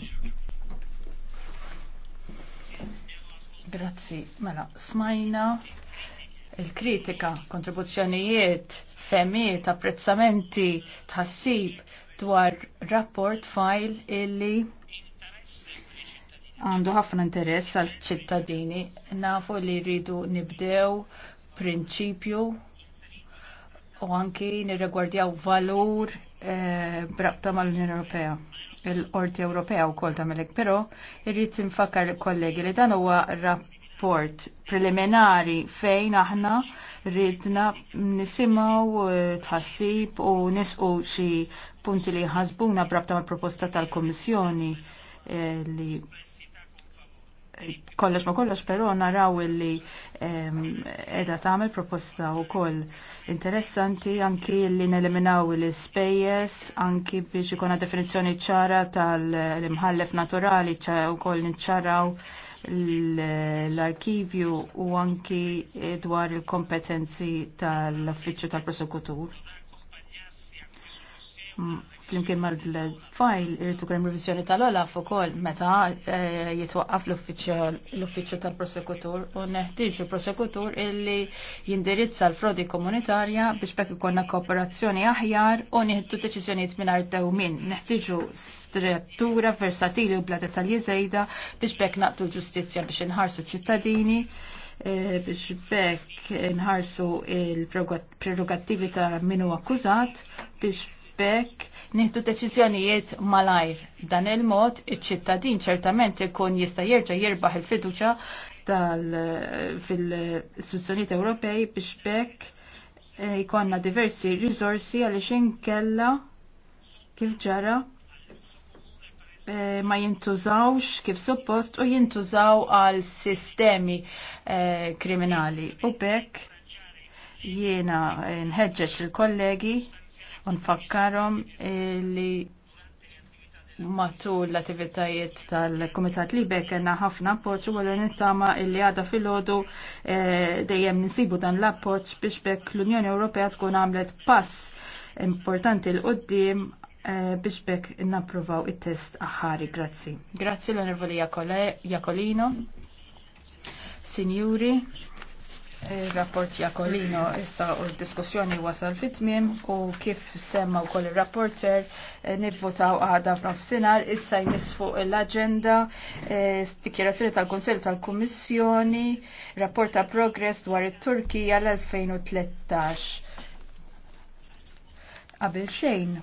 Grazzi, mela, smajna il-kritika, kontribuzzjonijiet, femiet, apprezzamenti, tħassib dwar rapport fajl illi għandu ħafna interess għal ċittadini. Nafu li rridu nibdew prinċipju u anki nirregwardjaw valur eh, brabta mal-Unjoni Ewropea. Il-Qorti Ewropea u kol melek, pero irrit nfakkar kollegi li dan huwa rapport preliminari fejn aħna rridna nisimaw eh, tħassib u nisqu xi punti li ħasbuna brabta mal-proposta tal kummissjoni eh, li kollox ma kollox però naraw illi ehm, edha tagħmel proposta wkoll interessanti anki li neliminaw l-ispejjeż anki biex ikona definizzjoni ċara tal-imħallef naturali wkoll niċċaraw l-arkivju u anki dwar il-kompetenzi tal-uffiċċju tal-prosekutur flimkien mal-fajl irrid krem revizjoni tal-olaf ukoll meta eh, jitwaqqaf l-uffiċċju tal-prosekutur u neħtieġu il-prosekutur illi jindirizza l-frodi komunitarja biex bekk ikollna kooperazzjoni aħjar u nieħdu deċiżjonijiet mingħajr dewmin. Neħtieġu strettura versatili u bla dettalji żejda biex bekk naqtu l-ġustizzja biex inħarsu ċittadini eh, biex bekk nħarsu il-prerogattivi ta' minu akkużat biex bekk nieħdu deċiżjonijiet malajr. Dan il-mod iċ-ċittadin ċertament ikun jista' jerġa' jirbaħ il-fiduċa tal fil-istituzzjonijiet Ewropej biex bekk eh, jkollna diversi risorsi għaliex inkella kif ġara eh, ma jintużawx kif suppost u jintużaw għal sistemi eh, kriminali. U bekk jiena nħeġġeġ il-kollegi Unfakkarom li matul l-attivitajiet tal-Komitat Libe kena ħafna appoġġ u għallu nittama illi għada fil-ħodu eh, dejjem nisibu dan l appoġġ biex bekk l-Unjoni Ewropea tkun għamlet pass importanti l-qoddim eh, biex bekk napruvaw it-test aħħari. Grazzi. Grazzi l-onorvoli Jakolino. Signori. Il-rapport Jakolino issa u diskussjoni wasal fit u kif semma u koll il-rapporter eh, nivvotaw għada f'nofsinar issa jmiss fuq l-agenda eh, dikjerazzjoni tal-Konsell tal-Kummissjoni rapport ta' progress dwar it-Turkija l-2013. Qabel xejn,